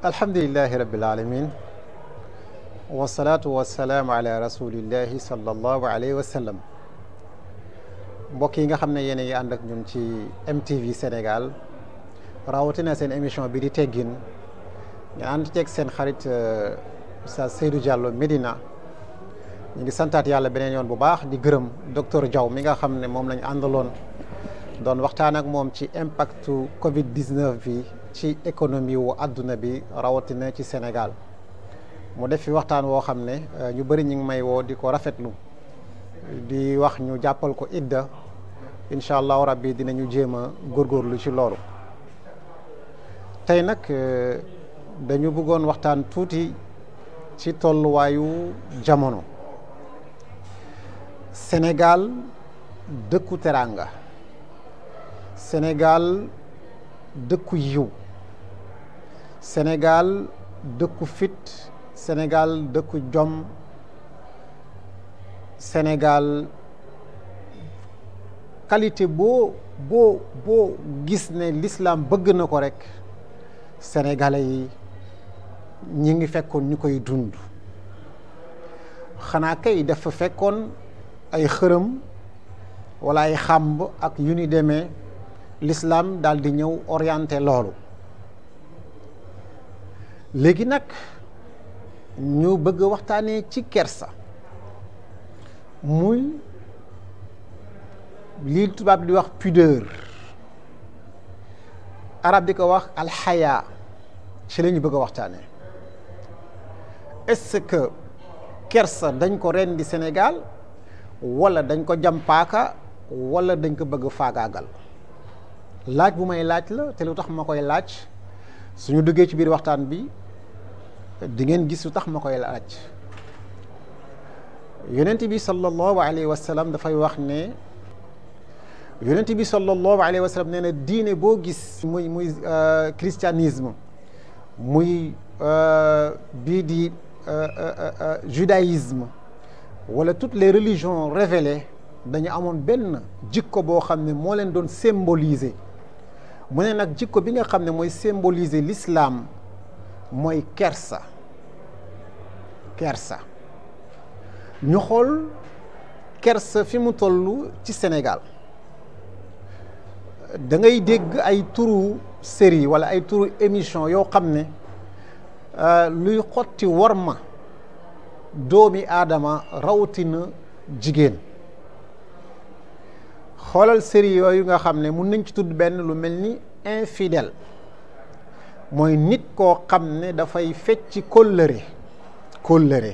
alhamdulilahi rabbil alamin wasalaatu wasalaamu ala rasulillahi sallallahu alayhi wa sallam yi nga xam ne yéen a ànd ak ñun ci MTV Sénégal rawatina seen émission bi di teggin ñu ànd ceeg seen xarit euh, sa Seydou Diallo Medina ñu ngi santaat yàlla beneen yoon bu baax di gërëm docteur jaw mi nga xam ne moom lañ àndaloon doon waxtaan ak moom ci impactu Covid 19 bi. ci économie wu àdduna bi rawatina ci Sénégal mu def fi waxtaan woo xam ne euh, ñu bëri ñu ngi may woo di ko rafetlu di wax ñu jàppal ko idda incha allahu rabbi dinañu jéem a góorgóorlu ci loolu tey nag euh, dañu bëggoon waxtaan tuuti ci tolluwaayu jamono Sénégal dëkku teraanga Sénégal dëkku yiw Sénégal dëkku fit Sénégal dëkku jom Sénégal qualité boo boo boo gis ne lislaam bëgg na ko rekk sénégalais yi ñu ngi fekkoon ñu koy dund xanaa kay dafa fekkoon ay xërëm walla ay xàmb ak yu nu demee l'islam dal di ñëw orienté loolu léegi nag ñu bëgg waxtaanee ci kersa muy lii tubaab di wax pudeur arab di ko wax alxaya ci la bëgg a waxtaanee est que kersa dañ ko rendi di Sénégal wala dañ ko jam paaka wala dañ ko bëgg faagaagal laaj bu may laaj la te lu tax ma koy laaj suñu duggee ci biir waxtaan bi di ngeen gis lu tax ma koy laaj yonent bi sallallahu alayhi wa sallam dafay wax ne yonent bi sallallahu alayhi wa sallam nee diine boo gis muy muy euh, christianisme muy euh, bii di euh, judaïsme wala toutes les religions révélées dañu amoon benn jikko boo xam ne moo leen doon symboliser mu ne nag jikko bi nga xam ne mooy symboliser lislaam mooy kersa kersa ñu xool kersa fi mu toll ci Sénégal da ngay dégg ay turu série wala ay turu émission yoo xam ne euh, luy xotti war ma doomi aadama rawatina jigéen xoolal série yooyu nga xam ne mun nañ ci tudd benn lu mel ni infidel mooy nit koo xam ne dafay fecc kóllëre kóllëre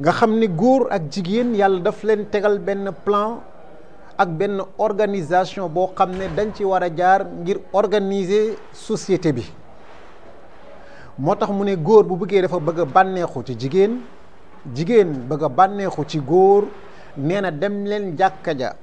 nga xam ne góor ak jigéen yàlla daf leen tegal benn plan ak benn organisation boo xam ne dañ ci war a jaar ngir organiser société bi moo tax mu ne góor bu bëggee dafa bëgg bànneexu ci jigéen jigéen bëgg a bànneexu ci góor nee dem leen jàkka ja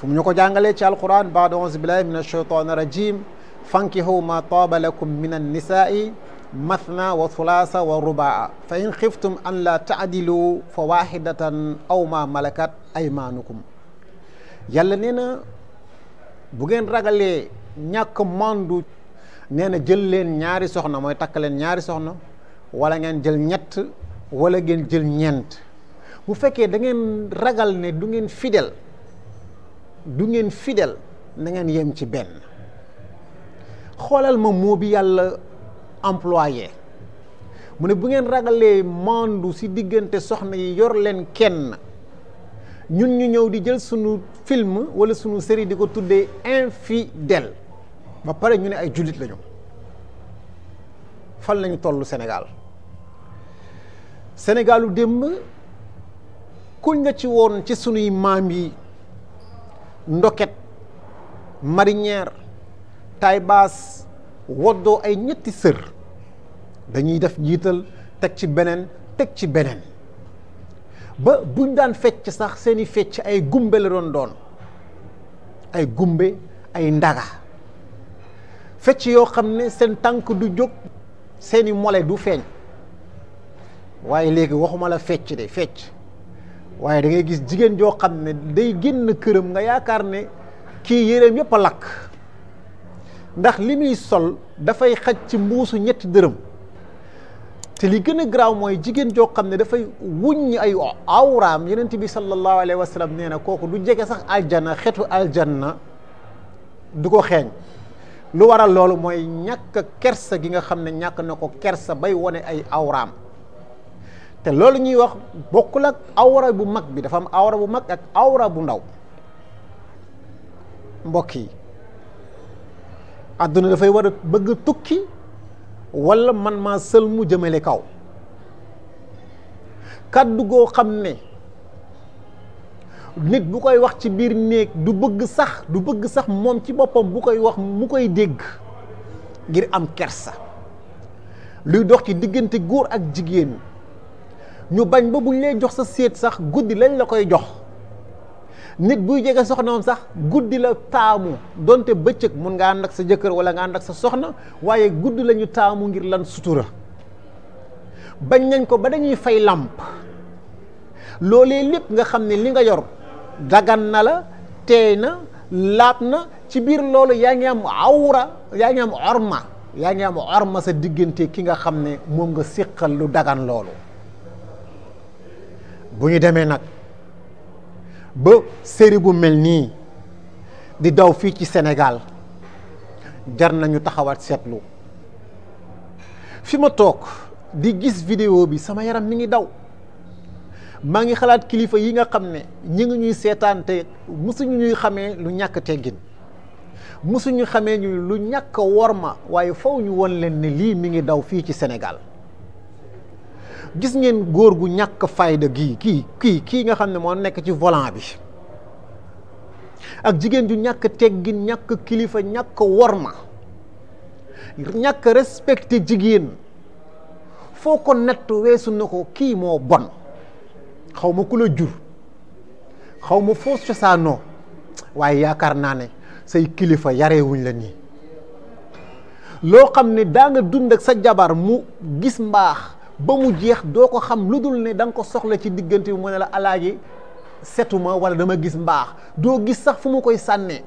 fu mu ñu ko jàngalee ci alquran baado auzu billahi min alcheytan rajim fankihu ma taaba lakum min annisaai mathna wa thulaasa wa rubaa fa in xiftum an la taadilu fa waahidatan aw ma malakat aymaanukum yàlla nee na bu ngeen ragalee ñàkk mandu nee na jël leen ñaari soxna mooy takk leen ñaari soxna wala ngeen jël ñett wala ngeen jël ñeent bu fekkee dangeen ragal ne du ngeen fidèle du ngeen fidel nangeen ngeen yem ci benn xoolal ma moo bi yàlla employé mu ne bu ngeen ragalee mandu si diggante soxna yi yor leen kenn ñun ñu ñëw di jël sunu film wala sunu série di ko tuddee infidèle ba pare ñu ne ay jullit lañu fan lañu tollu Sénégal Sénégalu démb kuñ la ci woon ci sunuy maam yi ndoket marinière taille woddoo ay ñetti sër dañuy def jiital teg ci beneen teg ci beneen ba buñ daan fecc sax seeni fecc ay gumbe la doon doon ay gumbe ay ndaga fecc yoo xam ne seen tànk du jóg seeni mole du feeñ waaye léegi waxuma la fecc de fecc waaye dangay gis jigéen joo xam ne day génn këram nga yaakaar ne kii yéreem yëpp a lakk ndax li muy sol dafay xaj ci mbuusu ñetti dërëm te li gën a garaaw mooy jigéen joo xam ne dafay wuññi ay awraam yenent bi sallallahu alayhi wa sallam nee na kooku du jege sax aljanna xetu aljanna du ko xeeñ lu waral loolu mooy ñàkk kersa gi nga xam ne ñàkk na ko kersa bay wone ay awraam te loolu ñuy wax bokkul ak awra bu mag bi dafa am awra bu mag ak awra bu ndaw mbokk yi àdduna dafay wara bëgg tukki wala man maa sël mu jëmale kaw kàddu goo xam ne nit bu koy wax ci biir néeg du bëgg sax du bëgg sax moom ci boppam bu koy wax mu koy dégg ngir am kersa luy dox ci diggante góor ak jigéen ñu bañ ba buñ lay jox sa séet sax guddi lañ la koy jox nit buy jege soxnaam sax guddi la taamu donte bëccëg mun nga ànd ak sa jëkkër wala nga ànd ak sa soxna waaye guddi lañu taamu ngir lan sutura bañ nañ ko ba dañuy fay làmp loolee lépp nga xam ne li nga yor dagan na la teey na laab na ci biir loolu yaa ngi am awra yaa ngi am orma yaa ngi am orma sa diggante ki nga xam ne moom nga siqal lu dagan loolu bu ñu demee nag ba série bu mel nii di daw fii ci Sénégal jar nañu taxawaat seetlu fi ma toog di gis vidéo bi sama yaram mi ngi daw maa ngi xalaat kilifa yi nga xam ne ñi ngi ñuy seetaan te musuñu ñuy xamee lu ñàkk teggin mësuñu xamee ñu lu ñàkk worma waaye faw ñu won leen ne lii mi ngi daw fii ci Sénégal gis ngeen góor gu ñàkk fayda gi kii kii kii nga xam ne moo nekk ci volant bi ak jigéen ju ñàkk teggin ñàkk kilifa ñàkk worma ñàkk respecté jigéen foo ko nett weesu na ko kii moo bon xaw ma ku la jur xaw ma foo cosaanoo waaye yaakaar naa ne say kilifa yarewuñ la nii loo xam ne daa nga dund ak sa jabar mu gis mbaax ba mu jeex doo ko xam lu dul ne danga ko soxla ci diggante bi mu ne la alaaji setuma walla dama gis mbaax doo gis sax fu mu koy sànnee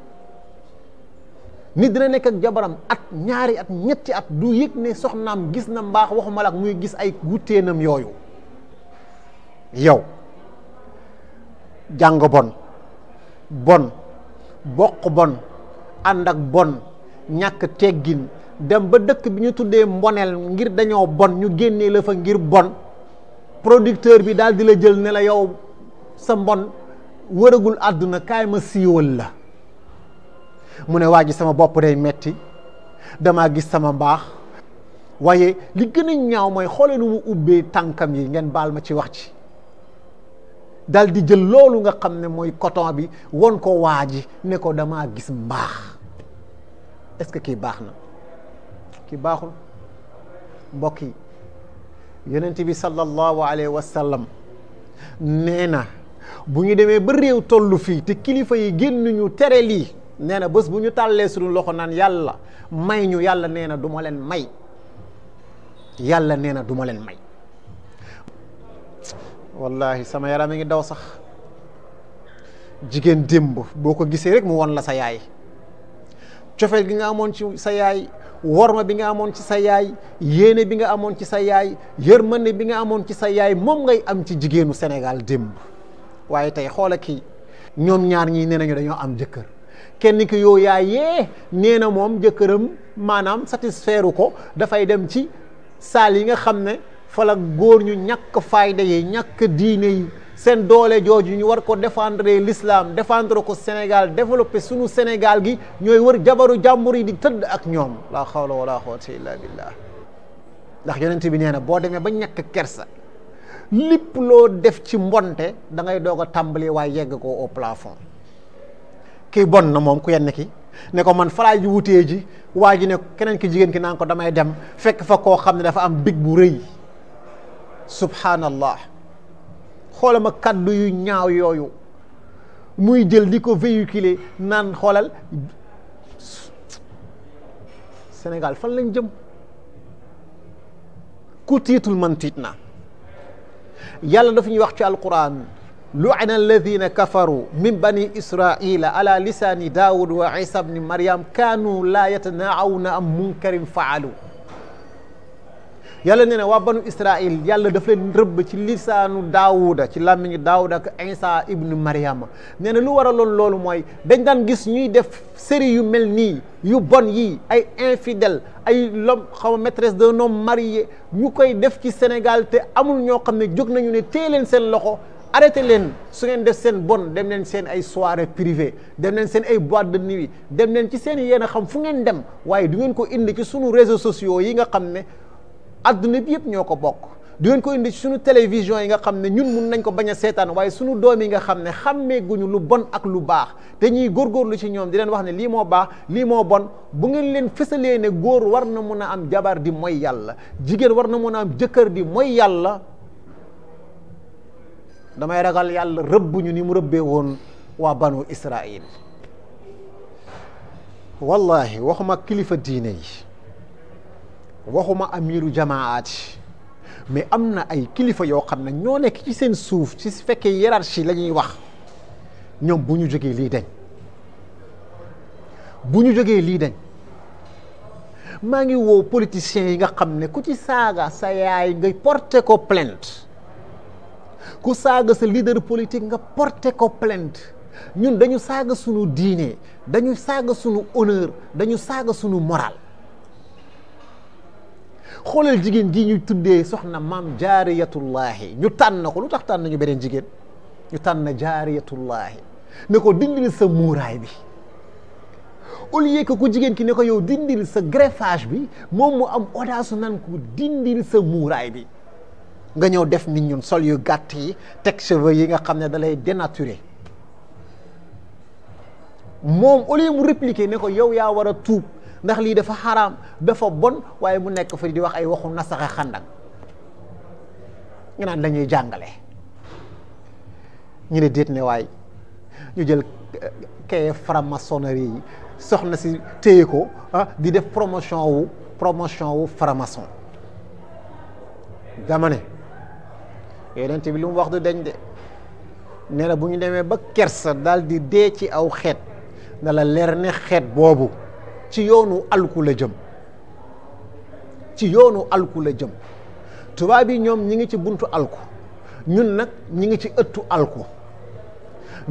nit dina nekk ak jabaram at ñaari at ñetti at du yëg ne soxnaam gis na mbaax waxuma la ak muy gis ay wutteenam yooyu yow jàng bon bon bokk bon ànd ak bon ñàkk teggin dem ba dëkk bi ñu tuddee mboneel ngir dañoo bon ñu génnee la fa ngir bon producteur bi daal di la jël ne la yow sa mbon wëragul àdduna kaay ma siiwal la mu ne waa ji sama bopp day metti damaa gis sama mbaax waaye li gën a ñaaw mooy xoole nu mu ubbee tànkam yi ngeen baal ma ci wax ci dal di jël loolu nga xam ne mooy coton bi won ko waa ji ne ko damaa gis mbaax est-ce que kii baax na ki baaxul mbokk yi yonent bi sallallahu alayhi wa sallam nee na bu ñu demee ba réew tollu fii te kilifa yi génn ñu tere lii nee na bés bu ñu tàllee suñu loxo naan yàlla may ñu yàlla nee na du leen may yàlla nee na du leen may wallahi sama yaram a ngi daw sax jigéen démb boo ko gisee rek mu won la sa yaay cofeel gi nga amoon ci sa yaay worma bi nga amoon ci sa yaay yéene bi nga amoon ci sa yaay yërmande bi nga amoon ci sa yaay moom ngay am ci jigéenu Sénégal démb waaye tey xoola ki ñoom ñaar ñii nee nañu dañoo am jëkkër kenn ki yoo yaayee nee na moom jëkkëram maanaam satisfaire ko dafay dem ci saal yi nga xam ne fa góor ñu ñàkk fayda yi ñàkk diine yi seen doole jooju ñu war ko défendre lislaam défendre ko Sénégal développer sunu Sénégal gi ñooy war jabaru jàmbur yi di tëdd ak ñoom laa xawla wala xawata illa billah ndax yonent bi nee na boo demee ba ñàkk kersa lépp loo def ci mbonte da ngay doog a tàmbali waaye yegg ko au plafond kii bon na moom ku yenn ki ne ko man falaa ji wutee ji waa ji ne keneen ki jigéen ki naan ko damay dem fekk fa koo xam ne dafa am big bu rëy subhanallah xoola ma kaddu yu ñaaw yooyu muy jël di ko véhiculer naan xoolal Sénégal fan lañ jëm ku tiitul man tiit na yàlla dafa ñuy wax ci alquran lu'ina alladina kafaru min bani wa isa bni maryam kaanu la yatanaawna an munkarin faalu yàlla nee na waa banu israil yàlla daf leen rëbb ci lisaanu daawuda ci làmmiñu daawuda ak insa ibnu mariama nee na lu waraloon loolu mooy dañ daan gis ñuy def série yu mel nii yu bon yii ay infidèle ay l'homme xaw ma maîtresse d'un homme marié ñu koy def ci Sénégal te amul ñoo xam ne jóg nañu ne teeleen seen loxo arrêté leen su ngeen def seen bon dem leen seen ay soirée privée dem leen seen ay boîte de nuit dem leen ci seen yéen a xam fu ngeen dem waaye du ngeen ko indi ci sunu réseaux sociaux yi nga xam ne adduna bi yëpp ñoo ko bokk di ngeen ko indi ci suñu télévision yi nga xam ne ñun mun nañ ko bañ a seetaan waaye suñu doom yi nga xam ne xàmmeeguñu lu bon ak lu baax te ñuy lu ci ñoom di leen wax ne lii moo baax lii moo bon bu ngeen leen fësalee ne góor war na mun a am jabar di mooy yàlla jigéen war na mun a am jëkkër di mooy yàlla damay ragal yàlla rëbbuñu ni mu rëbbee woon waa banu Israil wallahi waxuma kilifa diine waxuma amiru jamaati mais am na ay kilifa yoo xam ne ñoo nekk ci seen suuf ci su fekkee hiérarchie la ñuy wax ñoom bu ñu jógee lii dañ bu ñu jógee lii dañ maa ngi woo politiciens yi nga xam ne ku ci saaga sa yaay nga porté ko plainte ku saaga sa leader politique nga porté ko plainte ñun dañu saaga sunu diine dañu saaga sunu honneur dañu saaga sunu moral xoolal jigéen ji ñu tuddee soxna maam jaariyatullahi ñu tànn ko lu tax tànn ñu beneen jigéen ñu tànn jaariyatullahi ne ko dindil sa muuraay bi au lieu que ku jigéen ki ne ko yow dindil sa greffage bi moom mu am audace nan ko dindil sa muuraay bi nga ñëw def nit ñun sol yu gàtt yi teg cheveux yi nga xam ne dalay lay dénaturer moom au mu répliquer ne ko yow yaa war a tuub ndax lii dafa xaraam dafa bon waaye mu nekk fa di wax ay waxu nasaxa xandak nga naan dañuy jàngale ñu ne déet ne waay ñu jël kaye eh, franc yi soxna si téye ko ah, di def promotion wu promotion wu franc dama ne yonent bi lu mu wax du dañ de nee bu ñu demee ba kersa dal di dee ci aw xeet na la leer ne xeet boobu ci yoonu alku la jëm ci yoonu alku la jëm tubaab yi ñoom ñi ngi ci buntu alku ñun nag ñi ngi ci ëttu alku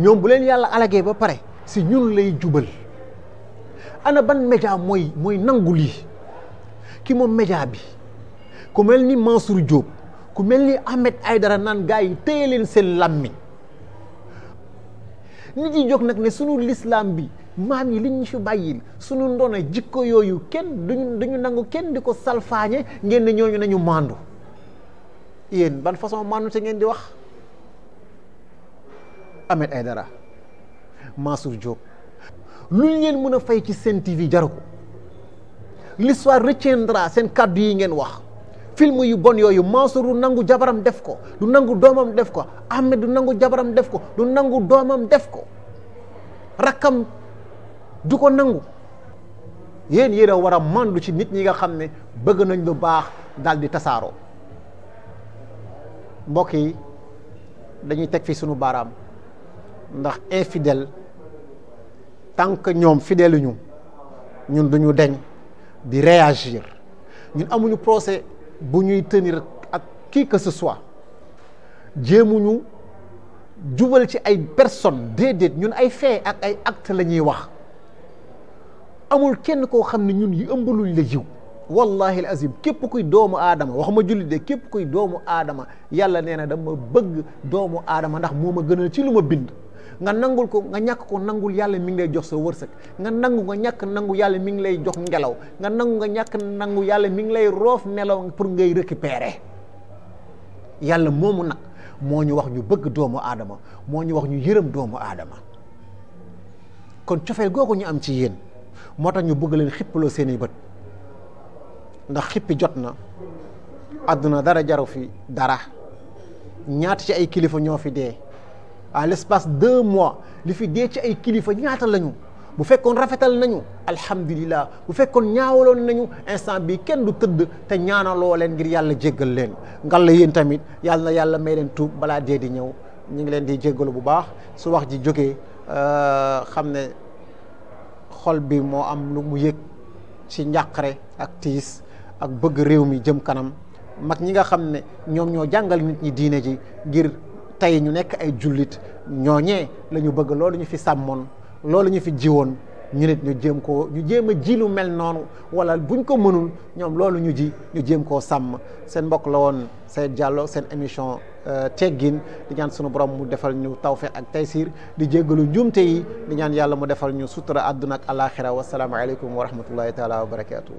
ñoom bu yàlla alagee ba pare si ñun lay jubal ana ban média mooy mooy nangu lii ki moom média bi ku mel ni Mansour Diop ku mel ni Ahmed Aydara naan gars yi téye leen seen làmmiñ ni yi jóg nag ne sunu lislaam bi maam yi li ñu fi bàyyil sunu ndono jikko yooyu kenn duñu duñu nangu kenn di ko salfaañe ngeen ne ñooñu nañu maandu yéen ban façon maandu te ngeen di wax Ahmed Aidara Mansour jóg lu ngeen mën a fay ci seen TV jaru ko l'histoire dara seen kàddu yi ngeen wax film yu bon yooyu Mansour du nangu jabaram def ko du nangu doomam def ko Ahmed du nangu jabaram def ko du nangu doomam def ko rakkam du ko nangu yéen yéen a war a ci nit ñi nga xam ne bëgg nañ lu baax daal di tasaaroo mbokk yi dañuy teg fi suñu baaraam ndax infidèle tant que ñoom fidèle ñu ñun du deñ di réagir ñun amuñu procès bu ñuy tenir ak kii que ce jéemuñu jubal ci ay personnes déedéet ñun ay fait ak ay acte la ñuy wax amul kenn koo xam ne ñun yi ëmbaluñ la yiw wallahi al azim képp kuy doomu aadama ma jullit de képp kuy doomu aadama yàlla nee na dama bëgg doomu aadama ndax moo ma gënal ci lu ma bind nga nangul ko nga ñàkk ko nangul yàlla mi ngi lay jox sa wërsëg nga nangu nga ñàkk nangu yàlla mi ngi lay jox ngelaw nga nangu nga ñàkk nangu yàlla mi ngi lay roof nelaw pour ngay peere yàlla moomu nag moo ñu wax ñu bëgg doomu aadama moo ñu wax ñu yërëm doomu aadama kon cofeel googu ñu am ci yéen moo tax ñu bëgg leen xippaloo seeni bët ndax xippi jot na àdduna dara jaru fi dara ñaat ci ay kilifa ñoo fi dee à l'espace deux mois li fi dee ci ay kilifa ñaata lañu bu fekkoon rafetal nañu alhamdulillah bu fekkoon ñaawaloon nañu instant bi kenn du tëdd te ñaanaloo leen ngir yàlla jéggal leen ngal la yéen tamit yàlla na yàlla may leen tuub balaa dee di ñëw ñu ngi leen di jéggalu bu baax su wax ji jógee euh, xam ne xol bi moo am lu mu yëg ci njàqare ak tiis ak bëgg réew mi jëm kanam mag ñi nga xam ne ñoom ñoo jàngal nit ñi diine ji ngir tey ñu nekk ay jullit ñooñee la ñu bëgg loolu ñu fi sàmmoon loolu ñu fi jiwoon ñu nit ñu jéem koo ñu jéem a ji lu mel noonu wala buñ ko mënul ñoom loolu ñu ji ñu jéem koo sàmm seen mbokk la woon seen jàlloo seen émission euh, teggin di ñaan sunu borom mu defal ñu tawfeex ak taysiir di jéggalu njuumte yi di ñaan yàlla mu defal ñu sutura àdduna ak alaaxira wasalaamu aleykum wa rahmatullahi taala wa barakaatu.